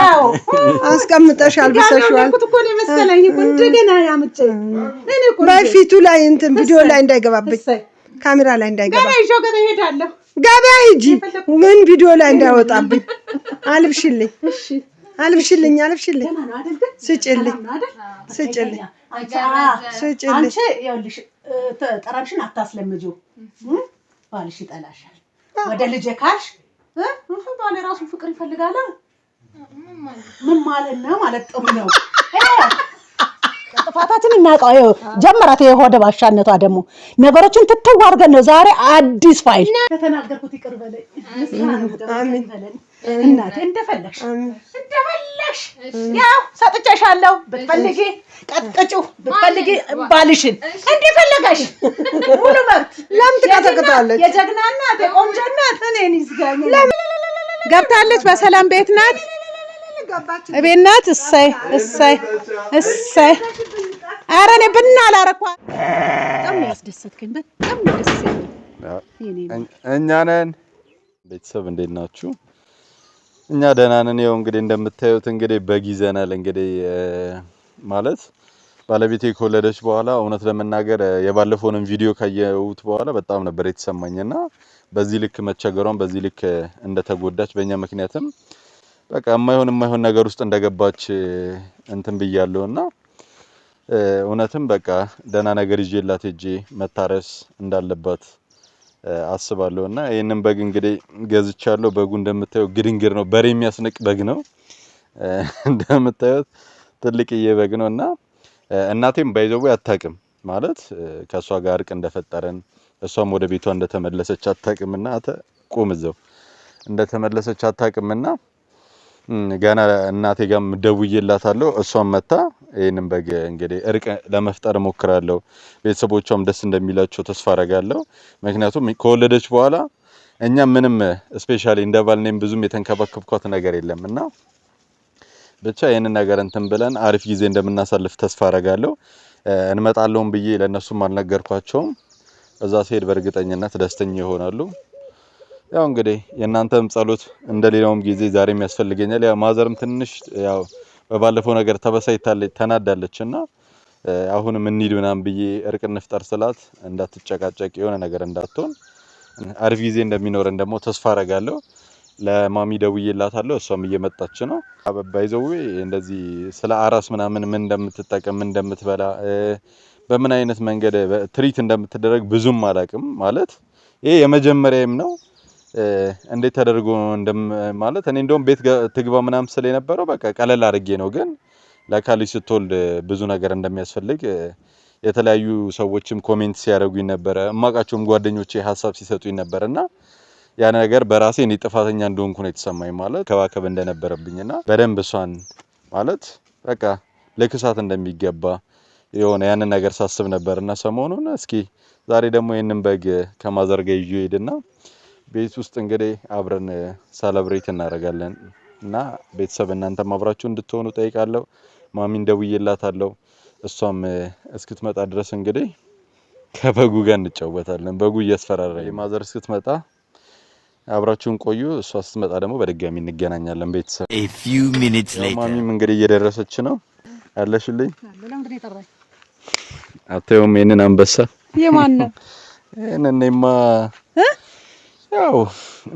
አልብሰሽዋል፣ አስቀምጠሽ አልብሰሽዋል። በፊቱ ላይ እንትን ቪዲዮ ላይ እንዳይገባብኝ ካሜራ ላይ እንዳይገባ ገበያ ሂጂ፣ ምን ቪዲዮ ላይ እንዳይወጣብኝ። አልብሽልኝ፣ አልብሽልኝ፣ አልብሽልኝ፣ ስጭልኝ፣ ስጭልኝ፣ ስጭልኝ። ጠረንሽን አታስለምጂው፣ ባልሽ ይጠላሻል። ወደ ልጄ ካልሽ ባለ ራሱ ፍቅር ይፈልጋል። ምን ማለት ነው ማለት ጥሩ ነው። ጥፋታችን እናውቀው። ጀመራት የሆደ ባሻነቷ ደግሞ ነገሮችን ትተው አድርገን ነው ዛሬ አዲስ ፋይል ከተናገርኩት ይቅር በለኝ። እናቴ እንደፈለግሽ እንደፈለግሽ ያው ሰጥቼሻለሁ። ብትፈልጊ ብትፈልጊ ባልሽን እንደፈለገሽ ሙሉ መብት። ለምን ትቀጠቅጣለች? የጀግና እናት የቆንጆ እናት እኔን ይዝጋኝ። ገብታለች። በሰላም ቤት ናት። እቤት ናት። እሰይ እሰይ እሰይ። ኧረ እኔ ብና አላረኳት። በጣም ያስደሰትከኝ። በጣም ደስ እኛ ነን ቤተሰብ። እንዴት ናችሁ? እኛ ደህና ነን። ይኸው እንግዲህ እንደምታዩት እንግዲህ በግ ይዘናል። እንግዲህ ማለት ባለቤቴ ከወለደች በኋላ እውነት ለመናገር የባለፈውንም ቪዲዮ ካየሁት በኋላ በጣም ነበር የተሰማኝና በዚህ ልክ መቸገሯን በዚህ ልክ እንደተጎዳች በእኛ ምክንያትም በቃ የማይሆን የማይሆን ነገር ውስጥ እንደገባች እንትን ብያለሁ እና እውነትም በቃ ደህና ነገር ይዤላት ሄጄ መታረስ እንዳለባት አስባለሁ እና ይህንን በግ እንግዲህ ገዝቻለሁ። በጉ እንደምታየው ግድንግር ነው፣ በሬ የሚያስንቅ በግ ነው። እንደምታዩት ትልቅዬ በግ ነው እና እናቴም ባይዘው አታውቅም ማለት ከእሷ ጋር እርቅ እንደፈጠረን እሷም ወደ ቤቷ እንደተመለሰች አታውቅምና ቁም እዛው እንደተመለሰች አታውቅምና ገና እናቴ ጋር ደውዬላታለሁ። እሷም መታ ይህንም በግ እንግዲህ እርቅ ለመፍጠር እሞክራለሁ። ቤተሰቦቿም ደስ እንደሚላቸው ተስፋ አረጋለሁ። ምክንያቱም ከወለደች በኋላ እኛ ምንም ስፔሻሊ እንደ ባልኔም ብዙም የተንከባከብኳት ነገር የለም እና ብቻ ይህንን ነገር እንትን ብለን አሪፍ ጊዜ እንደምናሳልፍ ተስፋ አረጋለሁ። እንመጣለውን ብዬ ለእነሱም አልነገርኳቸውም። እዛ ሲሄድ በእርግጠኝነት ደስተኛ ይሆናሉ። ያው እንግዲህ የእናንተም ጸሎት እንደሌላውም ጊዜ ዛሬም ያስፈልገኛል። ያው ማዘርም ትንሽ ያው በባለፈው ነገር ተበሳይታለች ተናዳለች እና አሁንም እንሂድ ምናምን ብዬ እርቅ እንፍጠር ስላት እንዳትጨቃጨቅ የሆነ ነገር እንዳትሆን አሪፍ ጊዜ እንደሚኖረን ደግሞ ተስፋ አረጋለሁ። ለማሚ ደውዬላታለሁ። እሷም እየመጣች ነው። አበባይዘዌ እንደዚህ ስለ አራስ ምናምን ምን እንደምትጠቀም ምን እንደምትበላ በምን አይነት መንገድ ትሪት እንደምትደረግ ብዙም አላቅም። ማለት ይሄ የመጀመሪያም ነው። እንዴት ተደርጎ ማለት እኔ እንደውም ቤት ትግባ ምናምን ስል የነበረው በቃ ቀለል አድርጌ ነው። ግን ለካ ልጅ ስትወልድ ብዙ ነገር እንደሚያስፈልግ የተለያዩ ሰዎችም ኮሜንት ሲያደርጉኝ ነበረ። እማውቃቸውም ጓደኞቼ ሀሳብ ሲሰጡኝ ነበር እና ያ ነገር በራሴ እኔ ጥፋተኛ እንደሆንኩ ነው የተሰማኝ። ማለት ከባከብ እንደነበረብኝ እንደነበረብኝና በደንብ እሷን ማለት በቃ ልክሳት እንደሚገባ የሆነ ያንን ነገር ሳስብ ነበርና ሰሞኑን እስኪ ዛሬ ደግሞ ይህንን በግ ከማዘርጋ ይዤ ሄድና ቤት ውስጥ እንግዲህ አብረን ሰለብሬት እናደርጋለን እና ቤተሰብ እናንተም አብራችሁ እንድትሆኑ ጠይቃለሁ። ማሚን ደውዬላታለሁ። እሷም እስክትመጣ ድረስ እንግዲህ ከበጉ ጋር እንጫወታለን። በጉ እያስፈራራ የማዘር እስክትመጣ አብራችሁን ቆዩ። እሷ ስትመጣ ደግሞ በድጋሚ እንገናኛለን። ቤተሰብ ማሚም እንግዲህ እየደረሰች ነው ያለሽልኝ። አታየውም? ይህንን አንበሳ ይህንን እኔማ ያው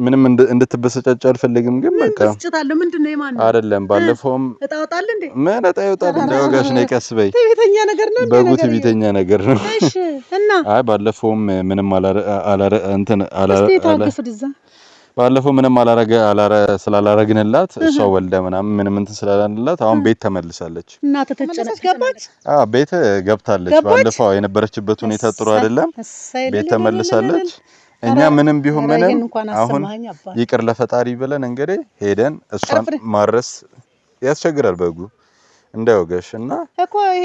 ምንም እንድትበሰጫጭ አልፈልግም፣ ግን በቃ ትስጭታለህ። ምንድን ነው የማን አይደለም። ባለፈውም እጣ እንዴ? ምን እጣ ይወጣል? እንዳወጋሽ ነው። ቀስ በይ። ነገር ነው በጉ፣ ትዕቢተኛ ነገር ነው። እና አይ ባለፈውም ምንም አላረ አላረ እንትን ባለፈው ምንም አላረገ አላረ ስላላረግንላት እሷ ወልደ ምናምን ምንም እንትን ስላላንላት አሁን ቤት ተመልሳለች እና ተተጨነች። ገባች? አዎ ቤት ገብታለች። ባለፈው የነበረችበት ሁኔታ ጥሩ አይደለም። ቤት ተመልሳለች። እኛ ምንም ቢሆን ምንም አሁን ይቅር ለፈጣሪ ብለን እንግዲህ ሄደን እሷን ማረስ ያስቸግራል። በጉ እንዳይወገሽ እና እኮ ይሄ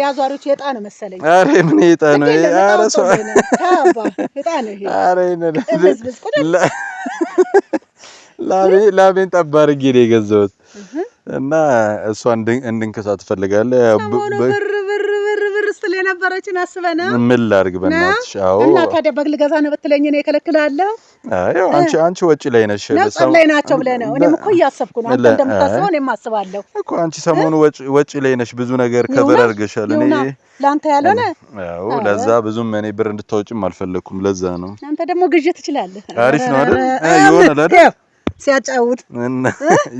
የአዟሪዎች የዕጣ ነው መሰለኝ። አሬ ምን የዕጣ ነው? አረ ሰው ዕጣ ነው ይሄ። አሬ ላቤን ጠብ አድርጌ ነው የገዛሁት እና እሷን እንድንከሳት ትፈልጋለህ የነበረችን አስበና ምን ላድርግ በእናትሽ። አዎ እና ታዲያ በግ ልገዛ ነው ብትለኝ ነው እከለክልሃለሁ? ያው አንቺ አንቺ ወጪ ላይ ነሽ ነጥብ ላይ ናቸው ብለህ ነው። እኔም እኮ እያሰብኩ ነው። አንተ እንደምታስበው እኔም አስባለሁ እኮ። አንቺ ሰሞኑ ወጪ ወጪ ላይ ነሽ፣ ብዙ ነገር ከበር አድርገሻል። እኔ ለአንተ ያልሆነ አዎ፣ ለዛ ብዙም እኔ ብር እንድታወጭም አልፈለኩም። ለዛ ነው። አንተ ደግሞ ግዢ ትችላለህ። አሪፍ ነው አይደል? ይሆናል አይደል? ሲያጫውት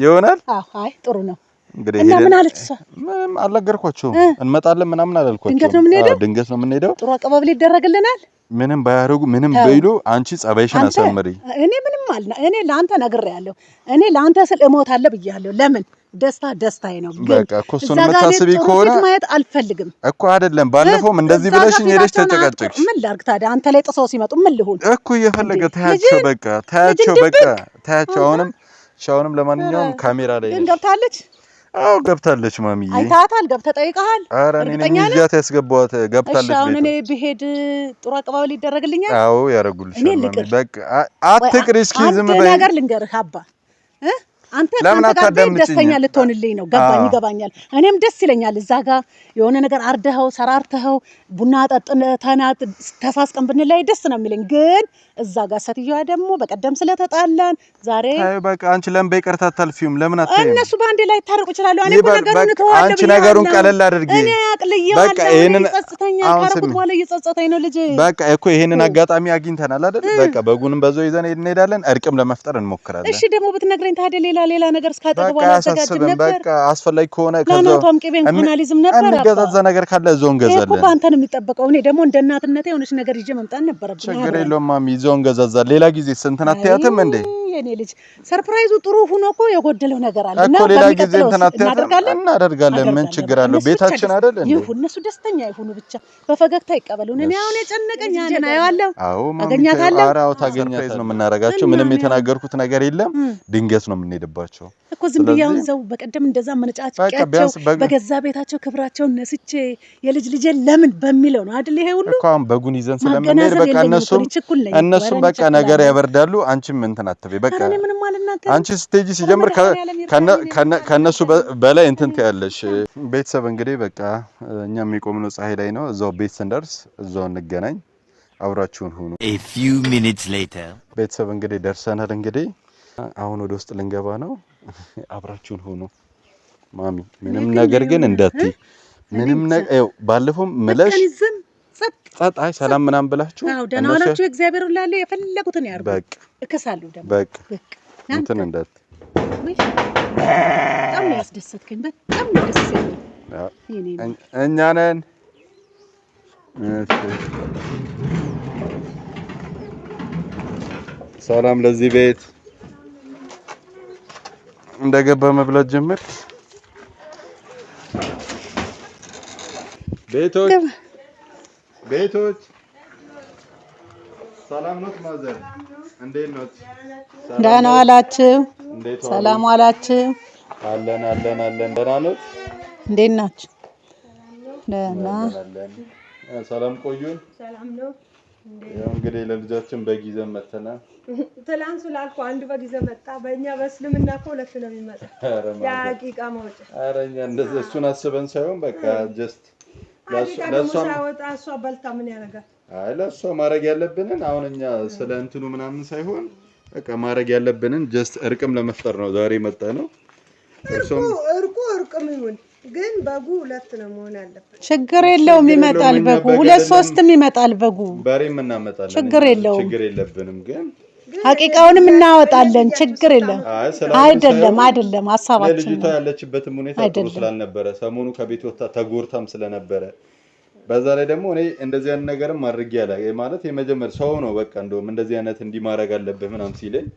ይሆናል። አይ ጥሩ ነው። እንግዲህ እና ምን አለች እሷ? ምንም አልነገርኳቸውም። እንመጣለን ምናምን አላልኳቸውም። ድንገት ነው የምንሄደው፣ ድንገት ነው የምንሄደው። ጥሩ አቀባበል ይደረግልናል። ምንም ባያደርጉ ምንም በይሉ፣ አንቺ ጸባይሽን አሳምሪ። እኔ ምንም አልና እኔ ለአንተ ነግሬያለሁ። እኔ ለአንተ ስል እሞታለሁ ብያለሁ። ለምን ደስታ ደስታዬ ነው። በቃ እኮ እሱን የምታስቢ ከሆነ ማየት አልፈልግም እኮ አይደለም። ባለፈውም እንደዚህ ብለሽኝ ሄደሽ ተጨቃጨቅሽ። ምን ላድርግ ታዲያ? አንተ ላይ ጥሰው ሲመጡ ምን ልሁን እኮ እየፈለገ ታያቸው፣ በቃ ታያቸው፣ በቃ ታያቸው። አሁንም ሻውንም ለማንኛውም ካሜራ ላይ ገብታለች አዎ ገብታለች። ማሚዬ አይታታል። ገብተህ ጠይቀሃል? ኧረ እኔ ነኝ ይዣት ያስገባኋት ገብታለች። እሺ አሁን እኔ ብሄድ ጥሩ አቀባበል ይደረግልኛል? አዎ ያደርጉልሻል። በቃ አትቅሪ። እስኪ ዝም በይ። ነገር ልንገርህ አባ አንተ ለምን ደስተኛ ልትሆንልኝ ነው። ገባኝ፣ ይገባኛል። እኔም ደስ ይለኛል። እዛ ጋ የሆነ ነገር አርደኸው ሰራርተኸው ቡና ጠጥተናት ተሳስቀን ብንለይ ደስ ነው የሚለኝ። ግን እዛ ጋ ሴትዮዋ ደግሞ በቀደም ስለተጣላን ዛሬ በቃ አንቺ ለምን በይቅርታ አታልፊውም? ለምን አታይም? እነሱ በአንድ ላይ ታርቁ ይችላሉ። እኔ ነገሩን ተዋለ አንቺ ነገሩን ቀለል አድርጊ። እኔ አቅልዬ በቃ ይሄንን ይጸጽተኛል። ካረኩት በኋላ እየጸጸተኝ ነው ልጄ። በቃ እኮ ይሄንን አጋጣሚ አግኝተናል አይደል? በቃ በጉንም በዛው ይዘን እንሄዳለን፣ እርቅም ለመፍጠር እንሞክራለን። እሺ ደግሞ ብትነግረኝ ታዲያ ሌላ ሌላ ሌላ ነገር እስካጠገቧ አላዘጋጅም ነበር። በቃ አስፈላጊ ከሆነ ለእናቷም ቅቤ ነበር። የሚገዛዛ ነገር ካለ እዛው እንገዛለን እኮ በአንተ ነው የሚጠበቀው። እኔ ደግሞ እንደ እናትነቴ የሆነች ነገር ይዤ መምጣት ነበረብኝ። ችግር የለውም ማሚ፣ እዛው እንገዛዛለን። ሌላ ጊዜ ስንት አትያትም እንዴ? የኔ ልጅ ሰርፕራይዙ ጥሩ ሆኖ እኮ የጎደለው ነገር አለ እና ሌላ ጊዜ እናደርጋለን እናደርጋለን። ምን ችግር አለው? ቤታችን አይደል እንዴ? ይሁን እነሱ ደስተኛ ይሁኑ ብቻ በፈገግታ ይቀበሉ። እኔ አሁን የጨነቀኝ ያንን አየዋለሁ። አዎ ማገኛታለሁ። ኧረ አዎ ታገኛታለህ። ነው የምናደርጋቸው። ምንም የተናገርኩት ነገር የለም። ድንገት ነው የምንሄድባቸው እኮ ዝም ብዬ ዘው በቀደም እንደዛ መነጫጭቄያቸው በገዛ ቤታቸው ክብራቸውን ነስቼ የልጅ ልጄ ለምን በሚለው ነው አይደል? ይሄ ሁሉ እኮ በጉን ይዘን ስለምንሄድ በቃ እነሱም እነሱም በቃ ነገር ያበርዳሉ። አንቺም እንትን አትበይ በቃ አንቺ ስቴጂ ሲጀምር ከእነሱ በላይ እንትን ትያለሽ። ቤተሰብ እንግዲህ በቃ እኛ የሚቆምነው ፀሐይ ላይ ነው። እዛው ቤት ስንደርስ እዛው እንገናኝ። አብራችሁን ሁኑ። ቤተሰብ እንግዲህ ደርሰናል እንግዲህ አሁን ወደ ውስጥ ልንገባ ነው። አብራችሁን ሆኖ ማሚ፣ ምንም ነገር ግን እንዳትይ ምንም ነው። ባለፈው ምለሽ ጸጥ አይ ሰላም ምናምን ብላችሁ ደህና ዋላችሁ እግዚአብሔር ላለው የፈለጉትን ያርጉ። በቃ እከሳለሁ ደግሞ በቃ እንትን እንዳት በጣም ያስደሰትከኝ። በጣም ነው ደስ ይላል። እኛ ነን ሰላም ለዚህ ቤት እንደገባ መብላት ጀመር። ቤቶች ቤቶች ሰላም ነው። ማዘር እንዴት ነው? ደህና ዋላችሁ? ሰላም ዋላችሁ? አለን አለን አለን። ደህና ነው። እንዴት ናችሁ? ደህና ሰላም ቆዩ። ሰላም ነው ያው እንግዲህ ለልጃችን በግ ይዘን መተናል። ትላንት ስላልኩ አንድ በግ ይዘን መጣ። በእኛ በእስልምና እኮ ሁለት ነው የሚመጣ ለአቂቃ መውጫ። ኧረ እኛ እንደዚያ እሱን አስበን ሳይሆን በቃ ጀስት ሳወጣ እሷ በልታ ምን ያደርጋል? አይ ለእሷ ማድረግ ያለብንን አሁን እኛ ስለ እንትኑ ምናምን ሳይሆን በቃ ማድረግ ያለብንን ጀስት እርቅም ለመፍጠር ነው ዛሬ መጣ ነው። እርቁ አቅም ይሁን ግን በጉ ሁለት ነው መሆን አለበት። ችግር የለውም። ይመጣል በጉ ሁለት ሶስትም ይመጣል በጉ በሬም እናመጣለን። ችግር የለውም። ችግር የለብንም። ግን ሀቂቃውንም እናወጣለን። ችግር የለም። አይደለም አይደለም። ሀሳባችን ልጅቷ ያለችበትም ሁኔታ ጥሩ ስላልነበረ ሰሞኑ ከቤት ወጣ ተጎርታም ስለነበረ በዛ ላይ ደግሞ እኔ እንደዚህ አይነት ነገርም አድርጌ ያለ ማለት የመጀመር ሰው ነው በቃ እንደውም እንደዚህ አይነት እንዲህ ማድረግ አለብህ ምናምን ሲለኝ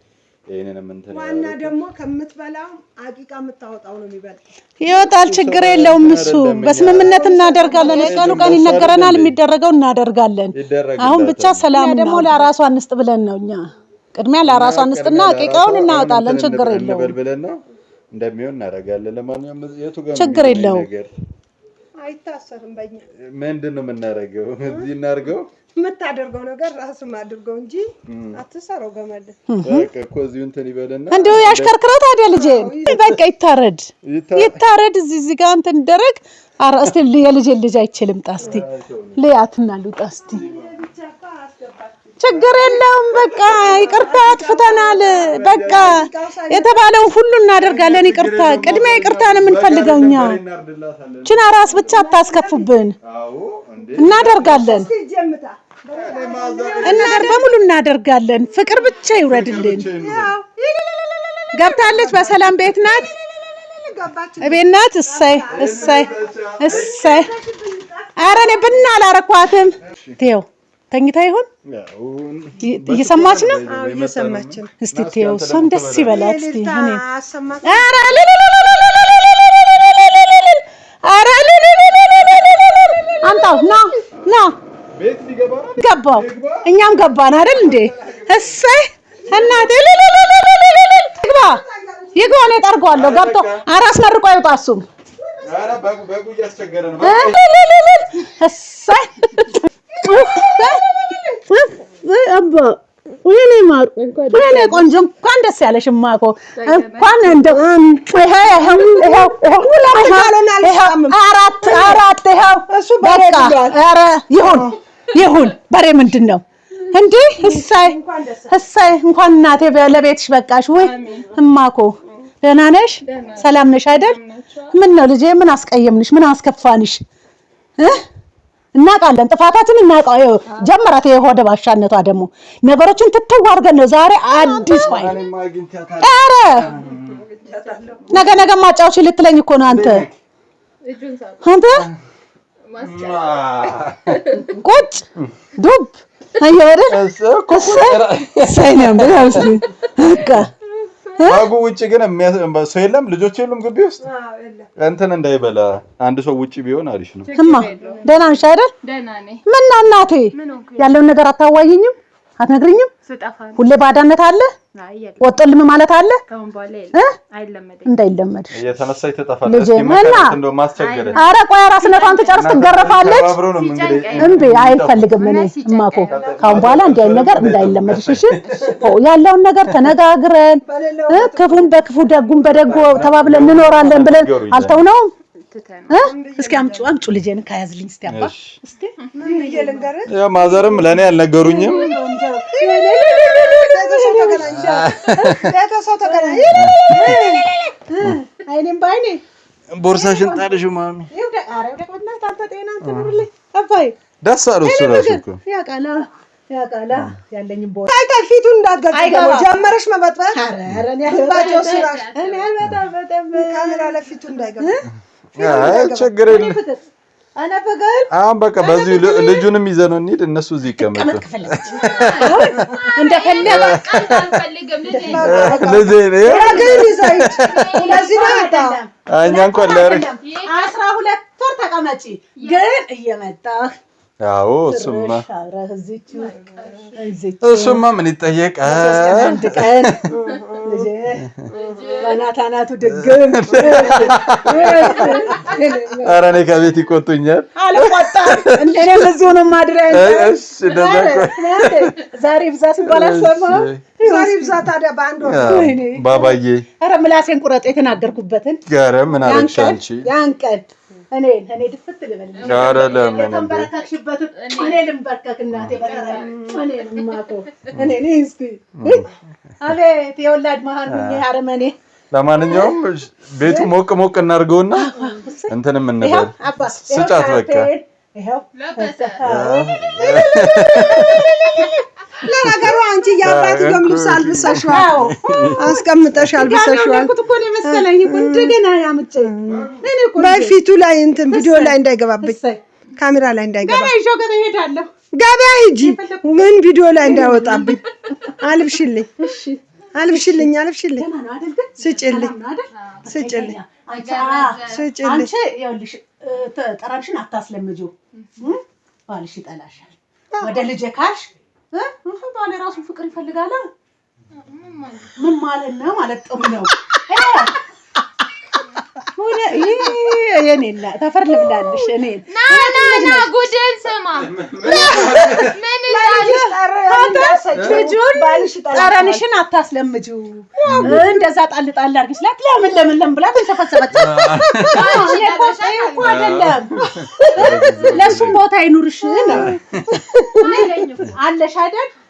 ይሄንንም ዋና ደግሞ ከምትበላው አቂቃ የምታወጣው ነው የሚበልጥ። ይወጣል፣ ችግር የለውም። እሱ በስምምነት እናደርጋለን። የቀኑ ቀን ይነገረናል፣ የሚደረገው እናደርጋለን። አሁን ብቻ ሰላም ደግሞ ለራሷ አንስጥ ብለን ነው እኛ ቅድሚያ ለራሷ አንስጥና አቂቃውን እናወጣለን። ችግር የለውም፣ እንደሚሆን እናደርጋለን። ለማንኛውም ችግር የለውም። አይታሰርም። በእኛ ምንድን ነው የምናደርገው? እዚህ እናድርገው የምታደርገው ነገር ራስም አድርገው እንጂ አትሰረው። ገመድ እኮ እዚሁ እንትን ይበልና እንዲሁ ያሽከርክረው። ታዲያ ልጄ በቃ ይታረድ ይታረድ፣ እዚህ እዚህ ጋር እንትን ይደረግ። እስኪ የልጄን ልጅ አይችልም። ጣስቲ ልያትና ሉጣ እስቲ ችግር የለውም። በቃ ይቅርታ አጥፍተናል። በቃ የተባለውን ሁሉ እናደርጋለን። ይቅርታ ቅድሚያ ይቅርታ ነው የምንፈልገው እኛ። ችን ብቻ አታስከፉብን፣ እናደርጋለን። እናደር በሙሉ እናደርጋለን። ፍቅር ብቻ ይውረድልን። ገብታለች። በሰላም ቤት ናት፣ ቤት ናት። እሰይ እሰይ እሰይ። ኧረ እኔ ብና አላረኳትም ው ተኝታ ይሆን እየሰማች ነው? እስቲ ተው፣ እሷም ደስ ይበላት እስቲ። አምጣው ና ና ገባው፣ እኛም ገባን አይደል እንዴ? እሰይ እናቴ ይግባ ይግባ፣ እኔ ጠርገዋለሁ። ገብቶ አራስ መርቆ አይውጣ እሱም እሰይ ወይኔ ማሩ ወይኔ ቆንጆ እንኳን ደስ ያለሽ ማኮ እንኳን እንደው ይሄ አራት አራት በቃ ኧረ ይሁን ይሁን በሬ ምንድን ነው እንዴ እንኳን እናቴ ለቤትሽ በቃሽ ወይ እማኮ ደህና ነሽ ሰላም ነሽ አይደል ምን ነው ልጄ ምን አስቀየምንሽ ምን አስከፋንሽ እናውቃለን ጥፋታችን እናውቀው። ጀመራት የሆደ ባሻነቷ ደግሞ ነገሮችን ትተው አድርገን ነው ዛሬ አዲስ ፋይል። ኧረ ነገ ነገ ልትለኝ እኮ ነው አንተ አንተ ቁጭ ዱብ በቃ ማጉ ውጭ ግን ሰው የለም፣ ልጆች የሉም ግቢ ውስጥ እንትን እንዳይበላ። አንድ ሰው ውጭ ቢሆን አሪፍ ነው። እማ ደህና ነሽ አይደል? ምን እናቴ ያለውን ነገር አታዋይኝም? አትነግርኝም? ሁሌ ባዳነት አለ፣ ወጥልም ማለት አለ። እንዳይለመድሽ ኧረ ቆይ ራስነቷን ትጨርስ ትገረፋለች። እምቢ አይፈልግም። እኔ እማኮ ካሁን በኋላ እንዲህ ዓይነት ነገር እንዳይለመድሽ እሺ። ያለውን ነገር ተነጋግረን ክፉን በክፉ ደጉን በደጎ ተባብለን እንኖራለን ብለን አልተውነውም። እስኪ አምጪው አምጪው ልጄን ካያዝልኝ እስቲ አባ እስቲ ያው ማዘርም ለእኔ አልነገሩኝም። አይኔም በአይኔ ቦርሳሽን ጣልሽ ማሚ ደስ አሉ እሱ ራሱ እኮ ያውቃል ያውቃል ፊቱን እንዳትገጭ ጀመረሽ መበጥበጥ ካሜራ ለፊቱ እንዳይገባ ችግር የለም። አሁን በቃ በዚህ ልጁንም ይዘህ ነው እንሂድ። እነሱ እዚህ ይቀመጡ። እኛ እንኳን ለአስራ ሁለት ወር ተቀመጪ ግን እየመጣ ያው እሱማ እሱማ ምን ይጠየቃል? አንድ አናት ድግም። ኧረ እኔ ከቤት ይቆጡኛል። አልቆጣም። እኔም እዚሁ ነው የማድረው። ዛሬ ብዛት ዛሬ ብዛት ታዲያ በአንድ ወር ባባዬ። ኧረ ምላሴን ቁረጥ የተናገርኩበትን። ኧረ ምን አለች አንቺ ያን ቀን እኔ እኔ ድፍት እኔ ልንበርከክ እናቴ እኔ እኔ እስኪ አቤት የወላድ መሀል አረመኔ። ለማንኛውም ቤቱ ሞቅ ሞቅ እናድርገውና እንትንም እንበል ስጫት በቃ ይኸው ለነገሩ አንቺ ልብስ አልብሰሽዋል፣ አስቀምጠሽ አልብሰሽዋል። በፊቱ ላይ እንትን ቪዲዮ ላይ እንዳይገባብኝ ካሜራ ላይ እንዳይገባ ገበያ ሂጂ፣ ቪዲዮ ላይ እንዳይወጣብኝ። አልብሽልኝ፣ አልብሽልኝ፣ አልብሽልኝ፣ ስጭልኝ፣ ስጭልኝ፣ ስጭልኝ። ጠረንሽን አታስለምጂው ባልሽ ይጠላሻል። ወደ ልጄ ካልሽ ባል የራሱ ፍቅር ይፈልጋል። ምን ማለት ነው ማለት ጥሩ ነው። የኔ እናት ልብላለሽ። እኔ ጉድን ስማ። ጠረንሽን እንደዛ ጣል ጣል አድርጊ ስላት ለምን ለምን ለምን ብላ አይደለም ለእሱም ቦታ አይኑርሽ። ነው አለሽ አይደል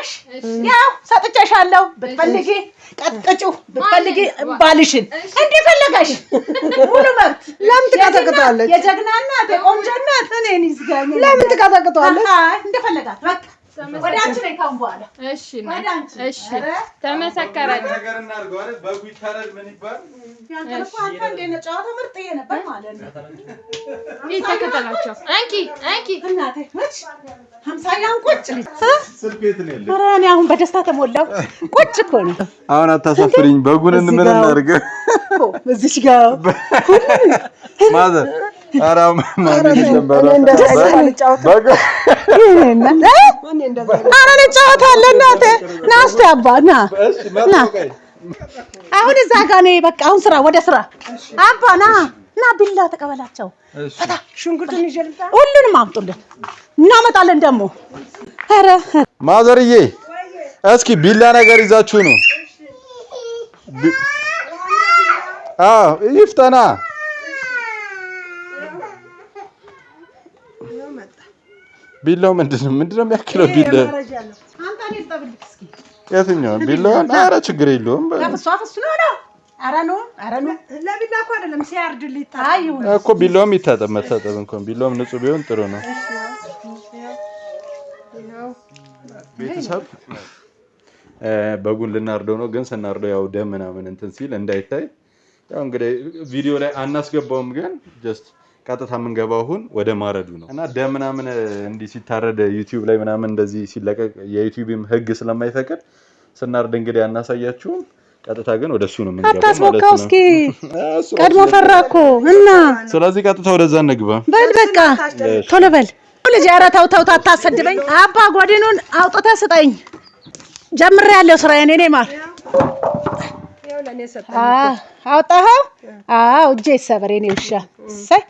ነሽ። ያው ሰጥቼሻለሁ። ብትፈልጊ ቀጥቅጪው፣ ብትፈልጊ ባልሽን እንደፈለገሽ ሙሉ መብት። ለምን ትቀጠቅጠዋለች? የጀግና እናት የቆንጆ እናት እኔን ይዝጋኝ። ለምን ትቀጠቅጠዋለች? እንደፈለጋት በቃ ተመሰከረ። ተከተላቸው። እኔ አሁን በደስታ ተሞላሁ። ቁጭ እኮ ነው አሁን። አታሳፍሪኝ። በጉን ምን እናድርገው? እዚች ጋር ማዘር አሁን እዛ ጋር ነኝ። በቃ አሁን ስራ ወደ ስራ አባ ና ና ቢላ ተቀበላቸው። ፈታ ሽንኩርቱን ይጀልታ ሁሉንም አምጡልን እናመጣለን። ደግሞ ኧረ ማዘርዬ እስኪ ቢላ ነገር ይዛችሁ ነው። አዎ ይፍጠና ቢላው ምንድነው ምንድነው የሚያክለው? ቢላ የትኛውን ቢላውን? አረ ችግር የለውም እኮ ቢላውም ይታጠብ መታጠብ እንኳን ቢላውም ንጹህ ቢሆን ጥሩ ነው። ቤተሰብ በጉን ልናርደው ነው፣ ግን ስናርደው ያው ደም ምናምን እንትን ሲል እንዳይታይ ያው እንግዲህ ቪዲዮ ላይ አናስገባውም፣ ግን ጀስት ቀጥታ የምንገባው አሁን ወደ ማረዱ ነው እና ደም ምናምን እንዲህ ሲታረድ ዩቲዩብ ላይ ምናምን እንደዚህ ሲለቀቅ የዩቲዩብም ህግ ስለማይፈቅድ ስናርድ እንግዲህ አናሳያችሁም። ቀጥታ ግን ወደ እሱ ነው የምንገባው ማለት ነው። አታስቦካው እስኪ ቀድሞ ፈራ እኮ እና ስለዚህ ቀጥታ ወደዛ እንግባ። በል በቃ ቶሎ በል ልጅ። ኧረ ተው ተው፣ አታሰድበኝ። አባ ጎድኑን አውጥተህ ስጠኝ። ያለው ስራ ስራዬን እኔ ማር አውጣኸው። አዎ፣ እጄ ይሰበር የኔ ውሻ። እሰይ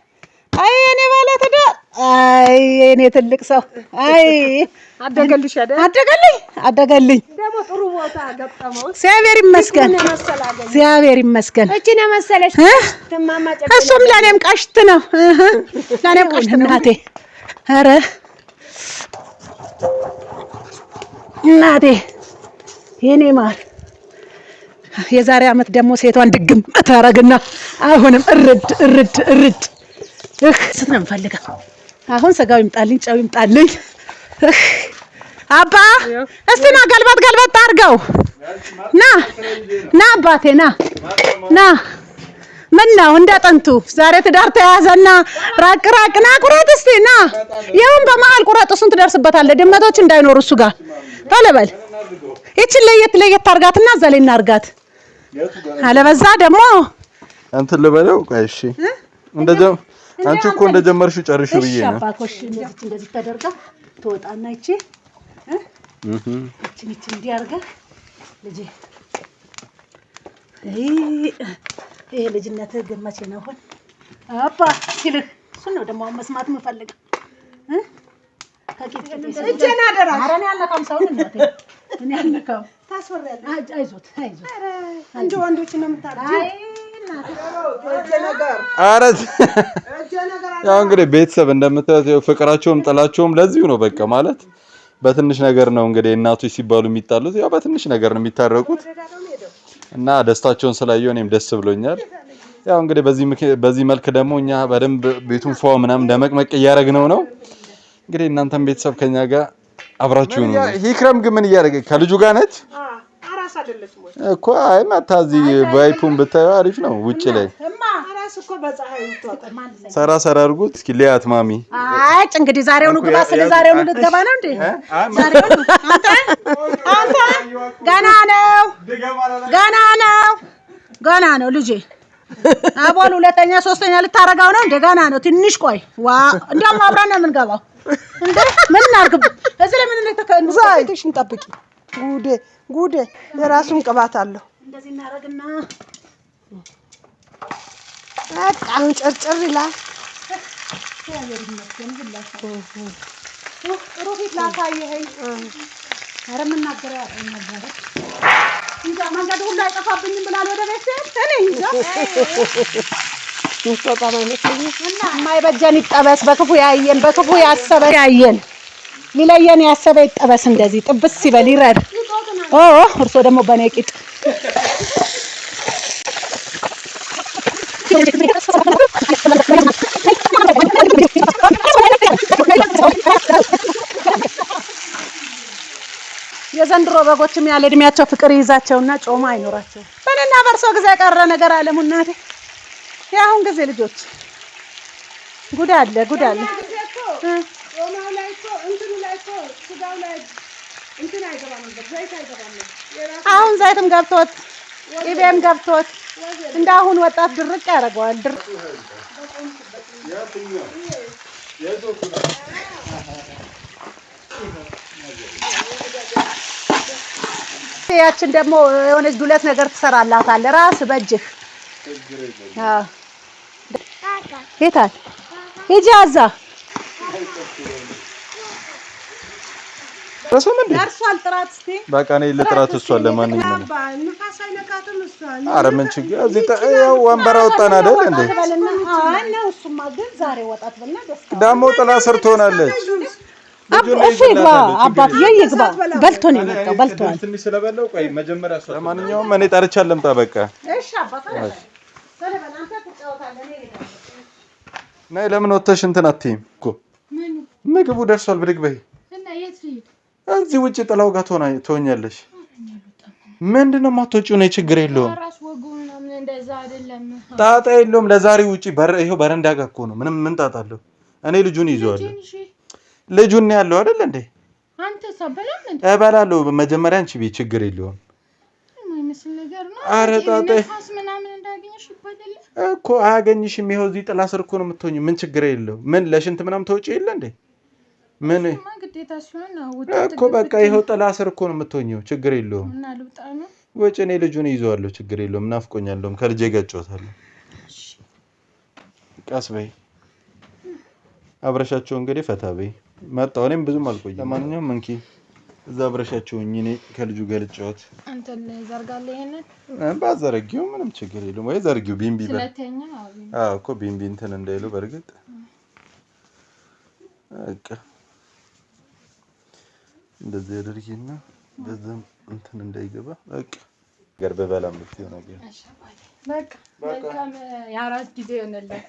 አይ እኔ ባለ ትዳር አይ እኔ ትልቅ ሰው አይ አደገልሽ አደገልኝ አደገልኝ ደግሞ ጥሩ ቦታ ገጠመው። እግዚአብሔር ይመስገን እግዚአብሔር ይመስገን። እቺ ነው እሱም ለኔም ቀሽት ነው ለኔም ቀሽት እናቴ ኧረ እናቴ የኔ ማር የዛሬ አመት ደግሞ ሴቷን ድግም ታረግና አሁንም እርድ እርድ እርድ እሱን ነው የምፈልገው። አሁን ስጋው ይምጣልኝ፣ ጨው ይምጣልኝ። አባ እስቲ ና ገልበጥ ገልበጥ አድርገው። ና ና አባቴ ና ና። ምን ነው እንደ ጥንቱ ዛሬ ትዳር ተያዘና ራቅ ራቅ። ና ቁረጥ እስቲ ና። ይኸውም በመሀል ቁረጥ፣ እሱን ትደርስበታለህ። ድመቶች እንዳይኖሩ እሱ ጋር ቶሎ በል። ይችን ለየት ለየት አድርጋትና እዛ ላይ እናድርጋት። አለበዛ ደግሞ እንትን ልበለው። እሺ እንደዚያው አንቺ እኮ እንደጀመርሽው ጨርሽው ብዬ ነው። አባቶሽ እንደዚህ እንደዚህ ተደርጋ ትወጣና እቺ እህ እቺ እቺ እንዲያርጋ ልጅ ይሄ ልጅነት ገመቼ ነው ሆን አባ ሲልህ እሱን ነው ደግሞ መስማት የምፈልገው። እህ አደራ ኧረ አይዞት አይዞት እንደ ወንዶች ነው የምታደርጊው ያው እንግዲህ ቤተሰብ እንደምታዩት ፍቅራቸውም ጥላቸውም ለዚሁ ነው። በቃ ማለት በትንሽ ነገር ነው እንግዲህ እናቶች ሲባሉ የሚጣሉት ያው በትንሽ ነገር ነው የሚታረቁት እና ደስታቸውን ስላየሁ እኔም ደስ ብሎኛል። ያው እንግዲህ በዚህ መልክ ደግሞ እኛ በደንብ ቤቱን ፏ ምናምን ደመቅመቅ እያደረግነው ነው። እንግዲህ እናንተም ቤተሰብ ከኛ ጋር አብራችሁ ነው። ሂክረም ግን ምን እያደረገ ከልጁ ጋር ነች እኮ አይ መታ እዚህ ቫይፑን ብታየው አሪፍ ነው። ውጭ ላይ ሰራ ሰራ አድርጉት እስኪ ሊያት ማሚ። አይ እንግዲህ ዛሬውኑ ግባ። ስለ ዛሬውኑ ልትገባ ነው እንዴ? ገና ነው ገና ነው ገና ነው ልጄ አቦን ሁለተኛ ሶስተኛ ልታረጋው ነው እንዴ? ገና ነው። ትንሽ ቆይ። ዋ እንደውም አብረን ነው የምንገባው። ምን እናድርግ? እዚህ ለምን እንጠብቂ? ጉዴ የራሱን ቅባት አለው። እንደዚህ እናደርግና በጣም ጭርጭር ይላል። መንገድ ሁሉ አይጠፋብኝም ብላል። ወደ ቤት የማይበጀን ይጠበስ። በክፉ ያየን በክፉ ያሰበ ያየን ሊለየን ያሰበ ይጠበስ። እንደዚህ ጥብስ ይበል ይረድ ኦ እርሶ ደግሞ በኔ ቂጥ የዘንድሮ በጎችም ያለ እድሜያቸው ፍቅር ይይዛቸውና ጮማ አይኖራቸው። በእኔና በእርሶ ጊዜ የቀረ ነገር አለሙ እናቴ። የአሁን ጊዜ ልጆች ጉድ አለ ጉድ አለ። አሁን ዘይትም ገብቶት ቅቤም ገብቶት እንደ አሁን ወጣት ድርቅ ያደርገዋል። ድርቅ ያችን ደግሞ የሆነች ዱለት ነገር ትሰራላታል ራስ በእጅህ ጌታል ሂጂ አዛ ልጥራት እሷን። ለማንኛውም ምን ችግር እዚህ ያው ወንበር አወጣን አይደል እንዴ? ደግሞ ጥላ ስር ትሆናለች። ይግባ፣ አባትዬ ይግባ። በልቶ ነው የመጣው፣ በልቷል። ለማንኛውም እኔ ልምጣ በቃ ነይ። ለምን ወተሽ እንትን አትይም እኮ ምግቡ ደርሷል። ብድግ በይ እዚህ ውጭ ጥላው ጋር ትሆኛለሽ። ምንድን ነው የማትወጪው? ነው ችግር የለውም ጣጣ የለውም። ለዛሬ ውጪ ይኸው በረንዳ ጋር እኮ ነው። ምንም ምን ጣጣ አለው? እኔ ልጁን ይዘዋለሁ። ልጁን ነው ያለው አይደል እንዴ? እበላለሁ። መጀመሪያ አንቺ ቤት ችግር የለውም። ኧረ ጣጣ እኮ አያገኝሽም። ይኸው እዚህ ጥላ ስር እኮ ነው ምን ችግር የለው። ምን ለሽንት ምናምን ተወጪ የለ እንዴ? ምን እኮ በቃ ይኸው ጥላ ስር እኮ ነው የምትሆኘው። ችግር የለውም ወጪ እኔ ልጁን ይዘዋለሁ። ችግር የለውም ናፍቆኛለሁም ከልጄ ጋር እጫወታለሁ። ቀስ በይ አብረሻቸው እንግዲህ ፈታ በይ። መጣሁ እኔም ብዙም አልቆይም። ለማንኛውም እንኪ እዛ አብረሻቸው እኔ ከልጁ ጋር ልጫወት። ባዘረጊው ምንም ችግር የለውም። ወይ ዘርጊው ቢንቢ እኮ ቢምቢ እንትን እንዳይሉ በእርግጥ በቃ እንደዚህ አድርጊና በዛም እንትን እንዳይገባ በቃ ነገር በበላም ልክ የሆነ በቃ የአራት ጊዜ ሆነለን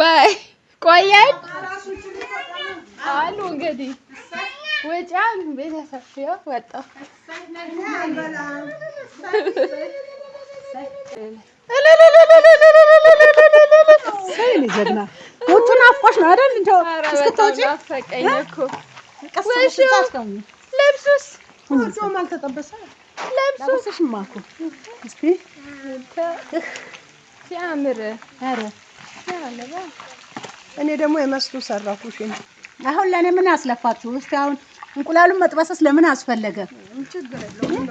ወይ ቆየን አሉ እንግዲህ ወጪያም ቤተሰብ ያው ወጣሁ ጀግና ውጡን አፍቆሽ ነው አይደል? እንደው እስክትወጪ ልብሱስ ወርዶም አልተጠበሰ ልብሱስሽማ እኮ እስኪ ሲያምር። ኧረ እኔ ደግሞ የመስሉ ሰራኩሽ። አሁን ለእኔ ምን አስለፋችሁ? እስኪ አሁን እንቁላሉን መጥበስስ ለምን አስፈለገ? ችግር የለውም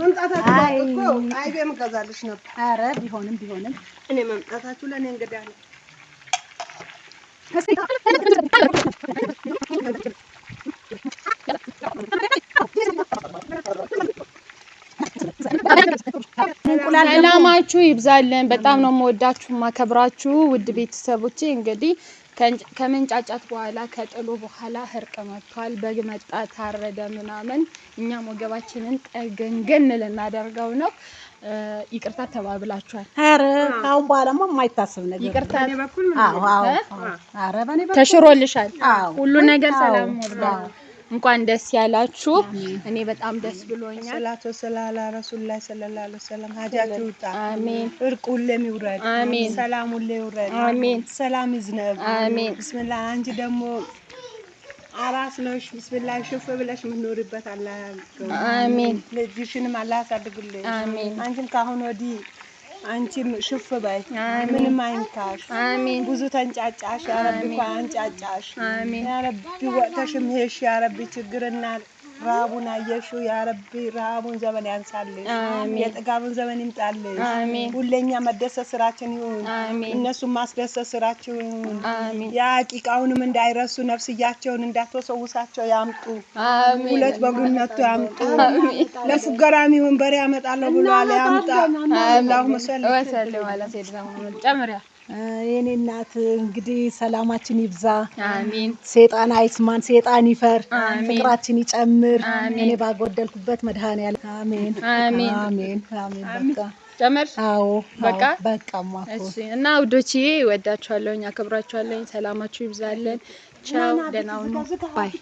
መምጣታችሁ አይቤም እገዛልሽ ነበር። ኧረ ቢሆንም ቢሆንም እኔ መምጣታችሁ ለእኔ እንግዳ ነው። ሰላማችሁ ይብዛልን። በጣም ነው የምወዳችሁ ማከብራችሁ ውድ ቤተሰቦቼ። እንግዲህ ከመንጫጫት በኋላ ከጥሎ በኋላ እርቅ መጥቷል። በግ መጣ ታረደ ምናምን፣ እኛም ወገባችንን ጠገንገን ልናደርገው ነው። ይቅርታ ተባብላችኋል። ኧረ አሁን በኋላማ የማይታሰብ ነገር ይቅርታ ተሽሮልሻል። ሁሉ ነገር ሰላም ሆኗል። እንኳን ደስ ያላችሁ። እኔ በጣም ደስ ብሎኛል። ሰላቶ ሰላላ ረሱሉላህ ሰለላሁ ዐለይሂ ወሰለም ሀጃችሁ ይውጣ። አሜን። እርቁ ሁሌም ይውረድ። አሜን። ሰላም ሁሌ ይውረድ። አሜን። ሰላም ይዝነብ። አሜን። ብስሚላህ አንቺ ደግሞ አራስ ነሽ ብስብላ ሽፍ ብለሽ የምትኖሪበት አላህ አሜን። ልጅሽንም አላህ አሜን። አንቺም ከአሁን ወዲህ አንቺም ሽፍ በይ፣ ምንም አይንካሽ። አሜን። ብዙ ተንጫጫሽ፣ ያረቢ አንጫጫሽ፣ ያረቢ ወጥተሽም ሄሽ፣ ያረቢ ችግርና ረሃቡን አየሽው። ያ ረቢ ረሃቡን ዘመን ያንሳልሽ፣ የጥጋቡን ዘመን ይምጣልሽ። ሁለኛ መደሰት ስራችን ይሁን፣ እነሱን ማስደሰት ስራችን ይሁን። የአቂቃውንም እንዳይረሱ ነፍስያቸውን እንዳትወሰውሳቸው ያምጡ፣ ሁለት በጉን ነቶ ያምጡ። ለፉገራ የሚሆን በሬ ያመጣለሁ ብሏል፣ ያምጣ። አላሁ መሰለ ጨምሪያ የኔ እናት እንግዲህ ሰላማችን ይብዛ፣ አሜን። ሴጣን አይስማን፣ ሴጣን ይፈር፣ ፍቅራችን ይጨምር። እኔ ባጎደልኩበት መድኃኔዓለም አሜን፣ አሜን፣ አሜን፣ አሜን። በቃ ጨመር። አዎ፣ በቃ በቃ። እሺ። እና ውዶችዬ ወዳችኋለሁኝ፣ አከብራችኋለሁኝ። ሰላማችሁ ይብዛልን። ቻው፣ ደህና ሁኑ። ባይ